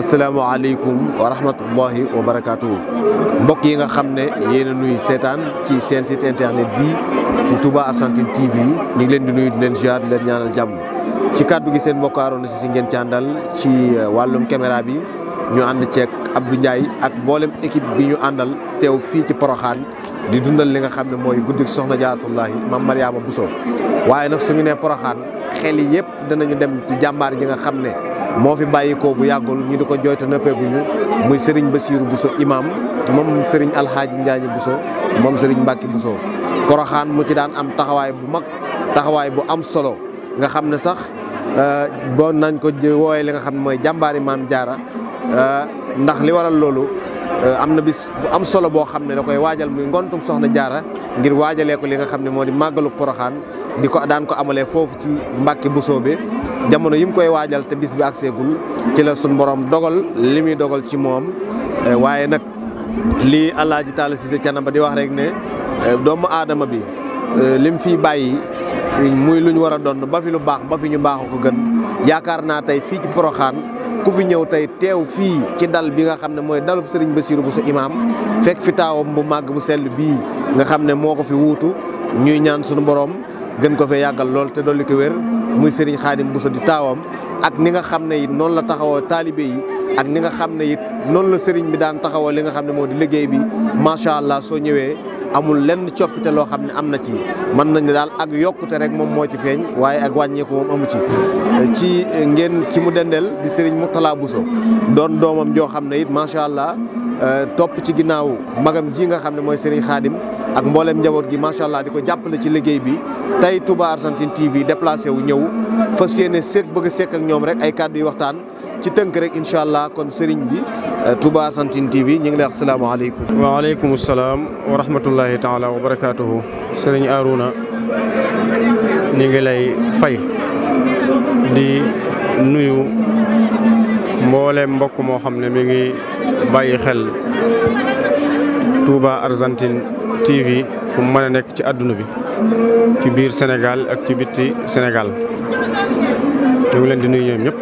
asalaamaaleykum wa rahmatullahi wa barakaatu mbokk yi nga xam ne yéen a nuy seetaan ci seen site internet bi tubaa Argentine TV ñu ngi leen di nuyu di leen ziar di leen ñaanal jàmm ci kàddu gi seen mbokk aaroon si si ngeen ci àndal ci euh, wàllum caméra bi ñu ànd ceeg Abdou Ndiaye ak mboolem équipe bi ñu àndal teew fii ci Poroxaan di dundal li nga xam ne mooy guddik soxna jaaratullahi mam bu Bousso waaye nag su ñu nee Poroxaan xel yi yëpp danañu dem ci jàmbaar ji nga xam ne. moo fi bàyyi ko bu yàggul ñu di ko jooyte nëppeeguñu muy Serigne Bassirou Bousso imam moom Serigne Alxaaji Njaañi Bousso moom Serigne Mbacke Bousso Poroxaan mu ci daan am taxawaay bu mag taxawaay bu am solo nga xam ne sax euh, boo nañ ko wooyee li nga xam ne mooy jàmbaari maam jaara euh, ndax li waral loolu Euh, am na bis bu am solo boo xam ne da koy waajal muy ngontum soxna jaara ngir waajalee ko li nga xam ne moo di màggalu poroxaan di ko daan ko amalee foofu ci mbàkki bu soobee jamono yi mu koy waajal te bis bi seegul ci la suñ borom dogal li muy dogal ci moom euh, waaye nag li lii Alaaji Taala Siise Canaba di wax rek ne euh, doomu aadama bi lim fii bàyyi muy lu ñu war a donn ba fi lu baax ba fi ñu baaxu ko gën yaakaar naa tey fii ci poroxaan ku fi ñëw tey teew fii ci dal bi nga xam ne mooy dalub Serigne Bassirou Bousso Imaam fekk fi taawam bu màgg bu sell bii nga xam ne moo ko fi wuutu ñuy ñaan sunu borom gën ko fee yàggal lool te dolli ko wér muy Serigne Khadim Bousso di taawam ak ni nga xam ne it noonu la taxawoo taalibe yi ak ni nga xam ne it noonu la Serigne bi daan taxawoo li nga xam ne moo di liggéey bi macha allah soo ñëwee. amul lenn coppite loo xam ne am na ci mën nañ ne daal ak yokkute rek moom moo ci feeñ waaye ak wàññeeku moom amu ci ci ngeen ci mu dendeel di Serigne Mourtala Bousso doon doomam joo xam ne it macha allah euh, topp ci ginnaaw magam ji nga xam ne mooy Serigne Khadim ak mbooleem njaboot gi macha allah di ko jàppale ci liggéey bi tey Touba Argentine TV déplacé wu ñëw fas yéene seek bëgg a ak ñoom rek ay kàddu yu waxtaan ci tënk rek incha allah kon Serigne bi. Euh, Touba Argentine TV ñu ngi lay wax salaamaaleykum. waaleykum salaam wa rahmatullahi taala wa barakaatuhu. sëriñ Arouna ñu ngi lay fay di nuyu mboolem mbokk moo xam ne mi ngi bàyyi xel Touba Argentine TV fu mu mën a nekk ci àdduna bi ci biir senegal ak ci bitti senegal ñu ngi leen di nuyu ñoom ñëpp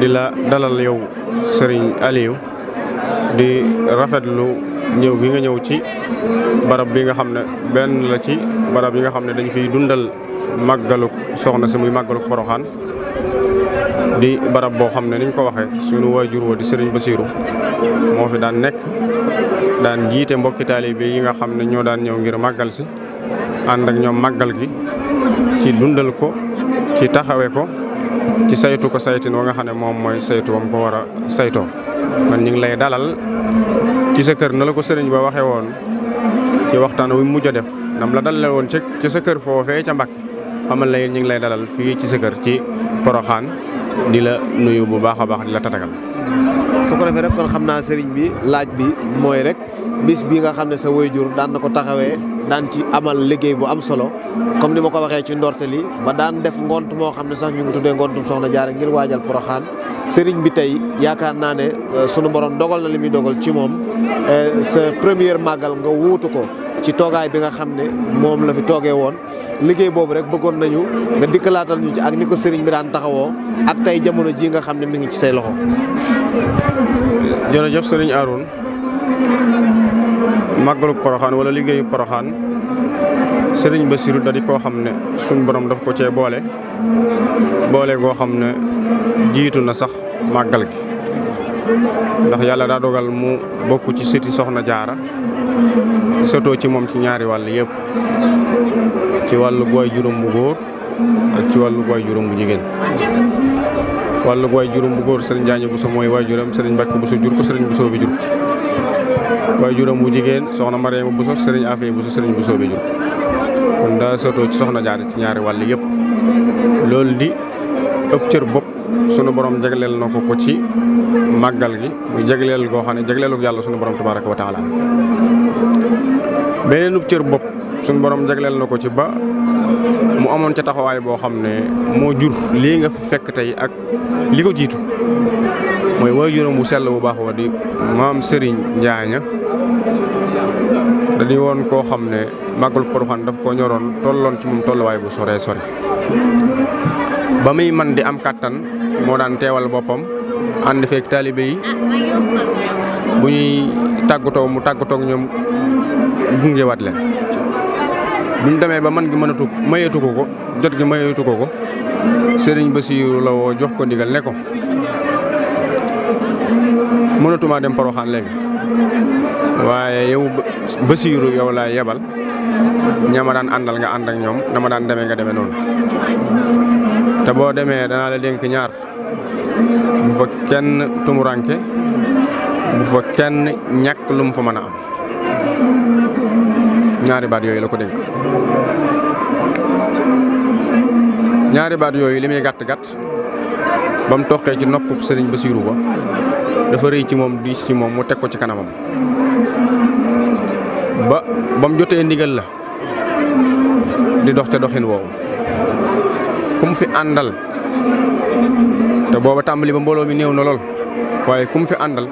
di la dalal yow. sëriñ Aliou di rafetlu ñëw bi nga ñëw ci barab bi nga xam ne benn la ci barab yi nga xam ne dañ fiy dundal màggaluk soxna si muy màggaluk Poroxaan di barab boo xam ne niñ ko waxee sunu waajur wa di sëriñ Basiiru moo fi daan nekk daan jiite mbokki taalibe yi nga xam ne ñoo daan ñëw ngir màggal si ànd ak ñoom màggal gi ci dundal ko ci taxawe ko ci saytu ko saytin wa nga xam ne moom mooy saytu wam ko war a saytoo man ñu ngi lay dalal ci sa kër na la ko sëriñ ba waxee woon ci waxtaan wi mujj a def nam la dalale woon ci sa kër foofee ca Mbàkke xamal la ñu ngi lay dalal fii ci sa kër ci Poroxaan di la nuyu bu baax a baax di la tatagal su ko defee rek kon xam naa sëriñ bi laaj bi mooy rek bis bi nga xam ne sa waajur daan na ko taxawee daan ci amal liggéey bu am solo comme ni ma ko waxee ci ndorte li ba daan def ngont moo xam ne sax ñu ngi tuddee ngontum soxna jaare ngir waajal poroxaan sëriñ bi tey yaakaar naa ne euh, sunu borom dogal na li muy dogal ci moom euh, sa première màggal nga wuutu ko ci toogaay bi nga xam ne moom la fi toogee woon liggéey boobu rek bëggoon nañu nga dikkalaatal ñu ci ak ni ko sëriñ bi daan taxawoo ak tey jamono ji nga xam ne mi ngi ci say loxo. jërëjëf sëriñ Aroun màggalu poroxaan wala liggéeyu poroxaan sëriñ ba da di koo xam ne suñ borom daf ko cee boole boole goo xam ne jiitu na sax màggal gi ndax yàlla daa dogal mu bokk ci sëti soxna jaara sëtoo ci moom ci ñaari wàll yëpp ci wàllu gooy juróom bu góor ak ci wàllu gooy juróom bu jigéen wàllu gooy juróom bu góor sëriñ Jaañ Buso mooy waajuram sëriñ Mbàkke Buso jur ko sëriñ Buso bi jur waaye juróom bu jigéen soxna Mariama Bousso sëriñ Afia Bousso sëriñ Bousso bi jur kon daa sëtoo ci soxna jaara ci ñaari wàll yëpp loolu di ëpp cër bopp sunu borom jagleel na ko ko ci màggal gi muy jagleel goo xam ne jagleelug yàlla sunu borom tabaaraka wa taala cër bopp sunu borom jagleel na ko ci ba mu amoon ca taxawaay boo xam ne moo jur lii nga fekk tey ak li ko jiitu mooy waajuram bu sell bu baax wa di maam Serigne Njaaña dañuy woon koo xam ne màggal Porokhane daf ko ñoroon tolloon ci moom tolluwaay bu sore sore ba muy man di am kàttan moo daan teewal boppam ànd feek taalibe yi bu ñuy tàggatoo mu tàggatoo ñoom gungewaat leen buñ demee ba man gi mënatu mayeetu ko ko jot gi mayeetu ko ko Serigne Bassirou la woo jox ko ndigal ne ko mënatumaa dem Porokhane léegi waaye yow Basiiru yow laa yebal ña ma daan àndal nga ànd ak ñoom dama daan demee nga demee noonu te boo demee danaa la dénk ñaar bu fa kenn tumuranke bu fa kenn ñàkk lu mu fa mën a am ñaari baat yooyu la ko dénk ñaari baat yooyu li muy gàtt gàtt ba mu toqee ci nopp Sëriñ Basiiru ba dafa rëy ci moom diis ci moom mu teg ko ci kanamam ba ba mu jotee ndigal la di dox te doxin woowu ku fi àndal te booba tàmbali ba mbooloo mi néew na lool waaye ku mu fi àndal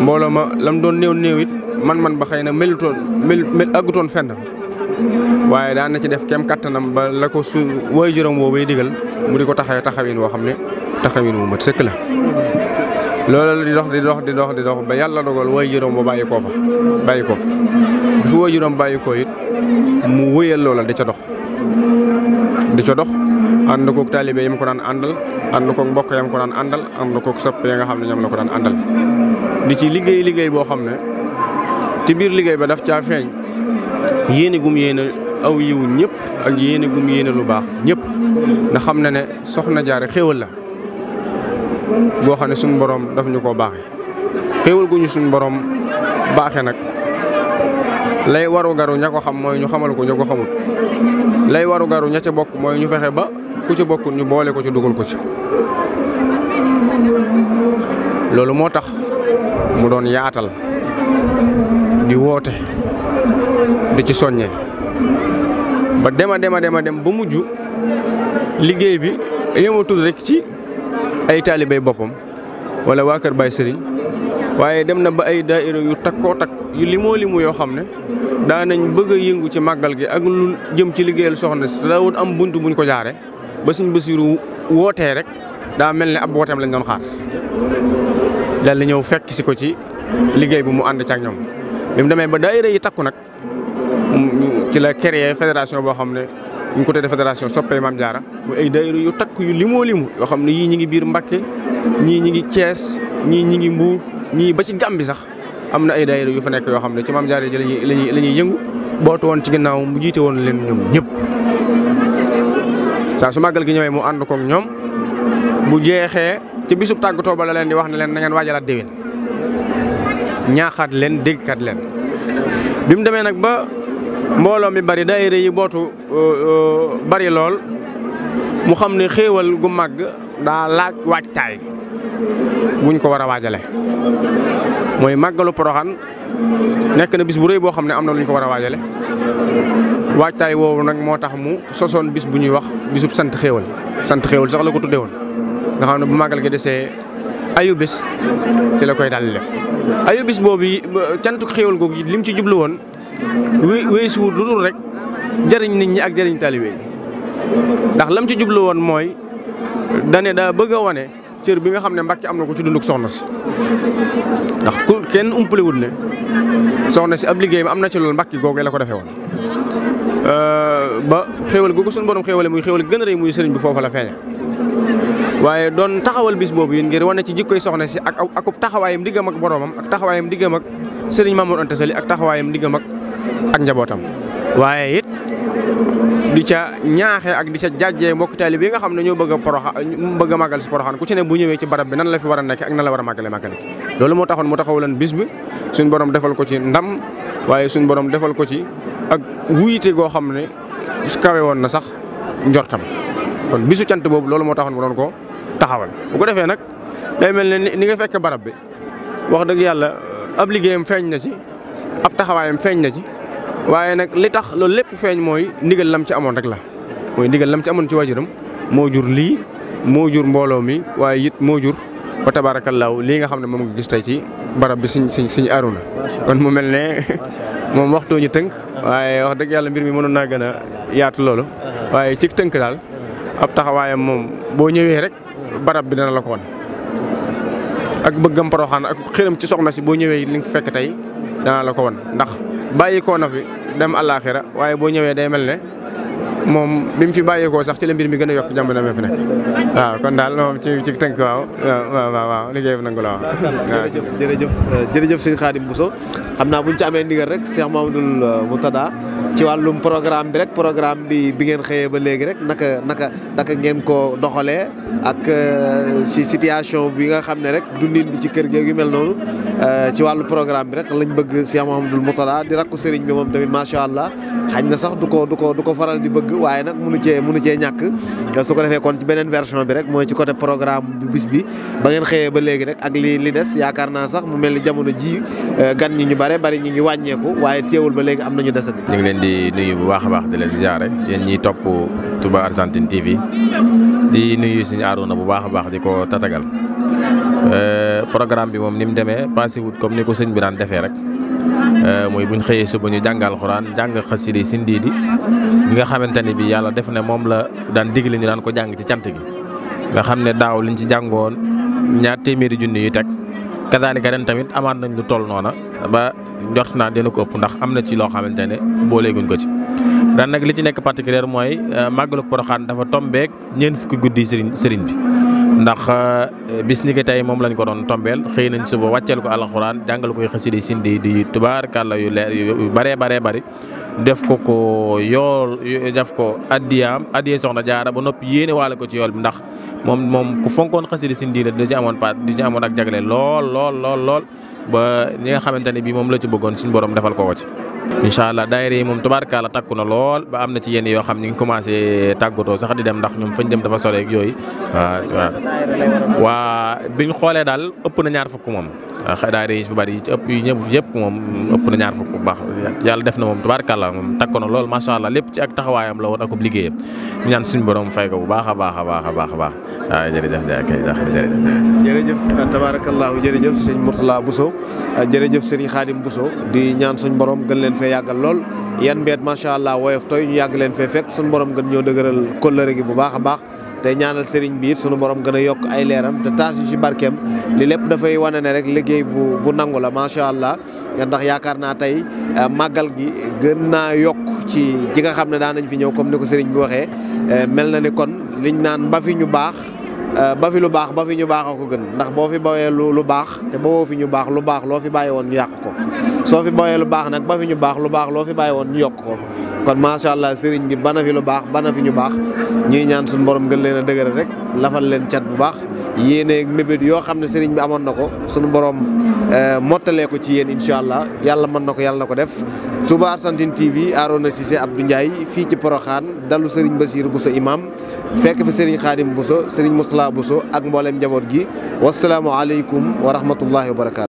mbooloo ma lam doon néew néew it man-man ba xëy na melutoon mel mel àggutoon fenn waaye daan na ci def kem kattanam ba la ko su waajuram woowu digal mu di ko taxawee taxawin woo xam ne taxawin wu mat sëkk la loola di dox di dox di dox di dox ba yàlla dogal way juróom ba bàyyi koo fa bàyyi ko fa bu fi way bàyyi koo mu wëyal loola di ca dox di ca dox ànd kook taalibe yi mu ko daan àndal ànd ko mbokk yam ko daan àndal ànd ko sopp ya nga xam ne ñoom la ko daan àndal di ci liggéey liggéey boo xam ne ci biir liggéey ba daf caa feeñ yéene gum yéene aw yiw ñëpp ak yéene gum yéene lu baax ñépp na xam ne ne soxna jaare xéwal la goo xam ne suñu boroom daf ñu koo baaxee xéewal gu ñu suñu boroom baaxe nag lay waru garu ña ko xam mooy ñu xamal ko ña ko xamul lay waru garu ña ca bokk mooy ñu fexe ba ku ci bokkul ñu boole ko ci dugal ko ci. loolu moo tax mu doon yaatal di woote di ci soññee ba dema dema dema dem ba mujj liggéey bi yematul rekk ci. ay taalibey boppam wala waa Kër bay Serigne waaye dem na ba ay daaira yu takkoo takk yu limoo limu yoo xam ne daa nañ bëgg a yëngu ci màggal gi ak lu jëm ci liggéeyal soxna si daawut am bunt buñ ko jaare ba suñ Basiru wootee rek daa mel ni ab wooteem lañ doon xaar dal di ñëw fekk si ko ci liggéey bi mu ànd ci ak ñoom bi mu demee ba daaira yi takku nag ci la créé fédération boo xam ne ñu côté de fédération soppee Maam Jaara mu ay daayira yu takk yu limoo limu yoo xam ne yii ñi ngi biir Mbàkke ñii ñi ngi cees ñii ñi ngi Mbuur ñii ba ci Gàmbi sax am na ay daayira yu fa nekk yoo xam ne ci Maam Jaara ji lañuy la ñuy yëngu bootu woon ci ginnaaw mu jiite woon leen ñoom ñëpp saa su màggal gi ñëwee mu ànd koog ñoom bu jeexee ci bisub tàggatoo ba la leen di wax na leen na ngeen waajalaat déwén ñaaxaat leen déggkat leen bi mu demee nag ba mbooloo mi bari daayira yi bootu uh, uh, bari lool mu xam ne xéewal gu màgg daa laaj waajtaay buñ ko war a waajale mooy màggalu Poroxaan nekk na bis bu rëy boo xam ne am na lu luñ ko war a waajale waajtaay woowu nag moo tax mu sosoon bis bu ñuy wax bisub sant xéewal sant xéewal sax la ko tuddee woon nga xam ne bu màggal gi desee ayu bis ci la koy daal def ayu bis boobu cantuk xéewal googu lim ci jubluwoon wé weesuwut lu rek jëriñ nit ñi ak jëriñ taalibe yi ndax lam ci jublu woon mooy dane daa bëgg a wane cër bi nga xam ne Mbàkke am na ko ci dunduk soxna si ndax ku kenn umpalewut ne soxna si ab liggéeyam am na ci loolu Mbàkke googee la ko defee woon ba xéewal gu ko suñu borom xéewale muy xéewal gën a rëy muy sëriñ bi foofa la feeñe waaye doon taxawal bis boobu yi ngir wane ci jikkoy soxna si ak akub taxawaayam diggam ak boroomam ak taxawaayam diggam ak sëriñ Mamour Anta Sali ak taxawaayam diggam ak ak njabootam waaye it di ca ñaaxee ak di ca jàjjee mbokk taalibe yi nga xam ne ñoo bëgg a poroxa bëgg a màggal si poroxaan ku ci ne bu ñëwee ci barab bi nan la fi war a nekk ak nan la war a màggale màggale loolu moo taxoon mu leen bis bi suñ borom defal ko ci ndam waaye suñ borom defal ko ci ak wuyite goo xam ne kawe woon na sax njortam kon bisu cant boobu loolu moo taxoon mu doon ko taxawal bu ko defee nag mel ni nga fekk barab bi wax dëgg yàlla ab liggéeyam feeñ na ci ab taxawaayam feeñ na ci waaye nag li tax loolu lépp feeñ mooy ndigal lam ci amoon rek la mooy ndigal lam ci amoon ci waajuram moo jur lii moo jur mbooloo mi waaye it moo jur ba law lii nga xam ne moom nga gis tey ci barab bi siñ siñ siñ aruna kon mu mel ne moom waxtoo ñu tënk waaye wax dëgg yàlla mbir mi mënoon naa gën a yaatu loolu waaye ci tënk daal ab taxawaayam moom boo ñëwee rek barab bi dana la ko wan ak bëggam poroxaan ak xiram ci soxna si boo ñëwee li nga fekk tey dana la ko wan ndax bàyyi koo na fi dem àllaaxira waaye boo ñëwee day mel ne moom bi mu fi bàyyeekoo sax ci la mbir mi gën a yokk jàmm dama fi nekk waaw kon daal moom ci ci waaw jërëjëf jërëjëf euh, jërëjëf sëñ Khadim Bousso xam naa bu ñu ci amee ndigal rek Cheikh Mamadou euh, Moutada ci wàllum programme bi rek programme bi bi ngeen xëyee ba léegi rek naka naka naka ngeen ko doxalee ak euh, ci situation bi nga xam ne rek dundin ci kër gi yu mel noonu ci wàllu programme bi rek lañ bëgg Cheikh Mamadou Moutada di rakku sëriñ bi moom tamit macha allah xañ na sax ko du ko du ko faral di bëgg waaye nag munu cee munu cee ñàkk su ko defee kon ci beneen version bi rek mooy ci côté programme bi bis bi ba ngeen xëyee ba léegi rek ak li li des yaakaar naa sax mu mel ni jamono ji eh, gan ñi ñu bare bari ñu ngi wàññeeku waaye teewul ba léegi am nañu desati ñu ngi leen di nuyu bu baax a baax di leen ziare yéen ñiy topp Touba Argentine TV di nuyu suñu Arouna bu baax a baax di ko tatagal eh, programme bi moom ni mu demee passé wut comme ni ko sëñ bi daan defee rek Euh, mooy ñu xëyee suba ñu jàng alxuraan jàng xasida yi sindiidi bi nga xamante ne bi yàlla def ne moom la daan digle ñu daan ko jàng ci cant gi nga xam ne daaw liñ ci jàngoon ñaar téeméeri junni yu teg kadaalika ren tamit amaat nañ lu toll noona ba njort naa dina ko ëpp ndax am na ci loo xamante ne booleeguñ ko ci ren nag li ci nekk particulier mooy màgg euh, màggalu Poroxaan dafa tombeek ñeent fukki guddi sëriñ sëriñ bi ndax eh, bis ni tey moom lañ ko doon tombeel xëy nañ suba wàcceel ko alxuraan jàngal koy xasida sindi di tubaarkàlla yu leer yu baree baree bari def ko ko yool def ko addiyaam addiyee soxna jaara ba noppi yéene waale ko ci yool bi ndax moom moom ku fonkoon xasida sindi la di ci amoon paat di amoon ak jagle lool lool lool ba ñi nga xamante ne bii moom la ci bëggoon suñu borom defal ko ko ci incha allah daayira yi moom tubaarkaala takku na lool ba am na ci yenn yoo xam ñu ngi commencé sax di dem ndax ñoom fañ dem dafa sore yooyu waa biñ xoolee daal ëpp na ñaar fukk moom daayira yi fi bari ci ëpp yi ñëpp yëpp moom ëpp na ñaar fukk bu baax yàlla def na moom tubaarkaala moom takku na lool macha allah lépp ci ak taxawaayam la woon ak ub liggéeyam ñu ñaan suñu borom fay ko bu baax a baax a baax a baax a baax waaw jërëjëf jërëjëf euh, tabaarakallaahu jërëjëf sëñ Mourtala Bousso euh, jërëjëf sëñ Xaadim Bousso di leen fee yàggal lool yan mbeet macha allah woyof tooy ñu yàgg leen fee fekk suñu borom gën ñoo dëgëral kóllëre gi bu baax a baax te ñaanal sëriñ bi it sunu borom gën a yokk ay leeram te taas yi ci barkeem li lépp dafay wane ne rek liggéey bu bu nangu la macha allah ndax yaakaar naa tey eh, màggal gi gën naa yokk ci ji nga xam ne daan nañ fi ñëw comme ni ko sëriñ bi waxee eh, mel na ni kon liñ naan ba fi ñu baax. Euh, ba fi lu baax ba fi ñu baax a ko gën ndax boo fi bawee lu lu baax te bawoo fi ñu baax lu baax loo fi bàyyi woon ñu yàq ko soo fi bawee lu baax nag ba fi ñu baax lu baax loo fi bàyyi woon ñu yokk ko kon macha allah sëriñ bi bana fi lu baax bana fi ñu baax ñuy ñaan suñu borom gën leen a dëgëral rek lafal leen cat bu baax yéene mébét yoo xam ne sëriñ bi amoon na ko suñu borom euh, mottalee ko ci yéen incha allah yàlla mën na ko yàlla ko def Touba Argentine TV Arona Cissé Abdou Ndiaye fii ci Porokhane dalu sëriñ Bassirou Bousso imam fekk fi Serigne Khadim Bousso Serigne Moustapha Bousso ak mboolem njaboot gi wasalaamualeykum wa rahmatullahi wa barakaatu.